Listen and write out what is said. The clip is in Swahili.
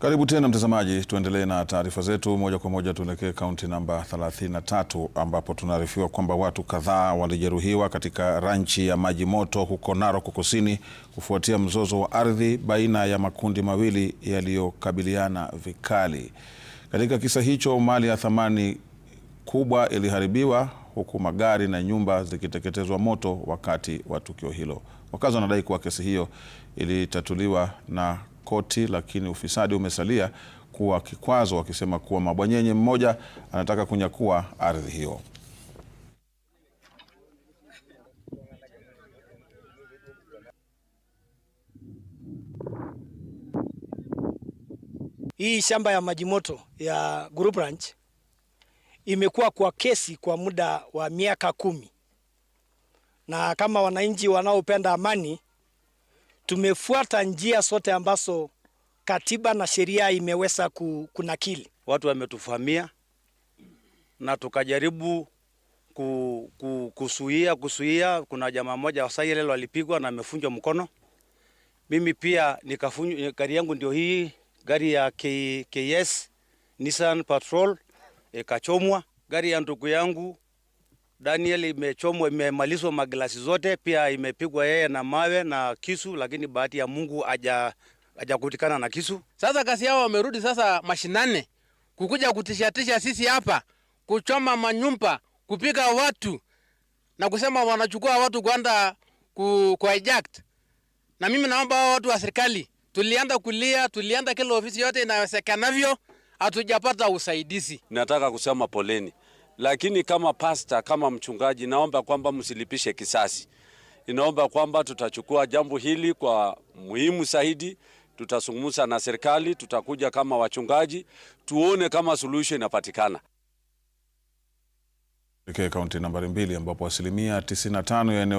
Karibu tena mtazamaji, tuendelee na taarifa zetu moja kwa moja. Tuelekee kaunti namba 33 ambapo tunaarifiwa kwamba watu kadhaa walijeruhiwa katika ranchi ya maji moto huko Narok Kusini kufuatia mzozo wa ardhi baina ya makundi mawili yaliyokabiliana vikali. Katika kisa hicho, mali ya thamani kubwa iliharibiwa huku magari na nyumba zikiteketezwa moto wakati wa tukio hilo. Wakazi wanadai kuwa kesi hiyo ilitatuliwa na koti, lakini ufisadi umesalia kuwa kikwazo, wakisema kuwa mabwanyenye mmoja anataka kunyakua ardhi hiyo. Hii shamba ya maji moto ya Group Ranch imekuwa kwa kesi kwa muda wa miaka kumi, na kama wananchi wanaopenda amani tumefuata njia sote ambazo katiba na sheria imeweza kunakili. Watu wametufahamia na tukajaribu kusuia kusuia. Kuna jamaa mmoja wa Silel walipigwa na amefunjwa mkono. Mimi pia nikafunjwa, gari yangu ndio hii gari ya KS Nissan Patrol ikachomwa, e, gari ya ndugu yangu Daniel imechomwa, imemalizwa maglasi zote, pia imepigwa yeye na mawe na kisu, lakini bahati ya Mungu aja hajakutikana na kisu. Sasa kasi yao wamerudi sasa mashinane kukuja kutishatisha sisi hapa, kuchoma manyumba, kupiga watu na kusema wanachukua watu kwenda ku, ku eject. Na mimi naomba hao watu wa serikali, tulianza kulia, tulianza kila ofisi yote inawezekanavyo, hatujapata usaidizi. Nataka kusema poleni. Lakini kama pasta, kama mchungaji, naomba kwamba msilipishe kisasi. Inaomba kwamba tutachukua jambo hili kwa muhimu zaidi, tutazungumza na serikali, tutakuja kama wachungaji, tuone kama suluhisho inapatikana. Kaunti nambari mbili ambapo asilimia 95 ya eneo